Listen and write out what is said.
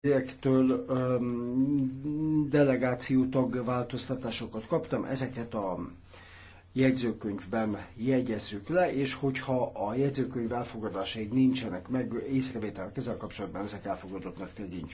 projektől delegációtag változtatásokat kaptam, ezeket a jegyzőkönyvben jegyezzük le, és hogyha a jegyzőkönyv elfogadásaid nincsenek meg észrevétel ezzel kapcsolatban, ezek elfogadottnak tegyünk.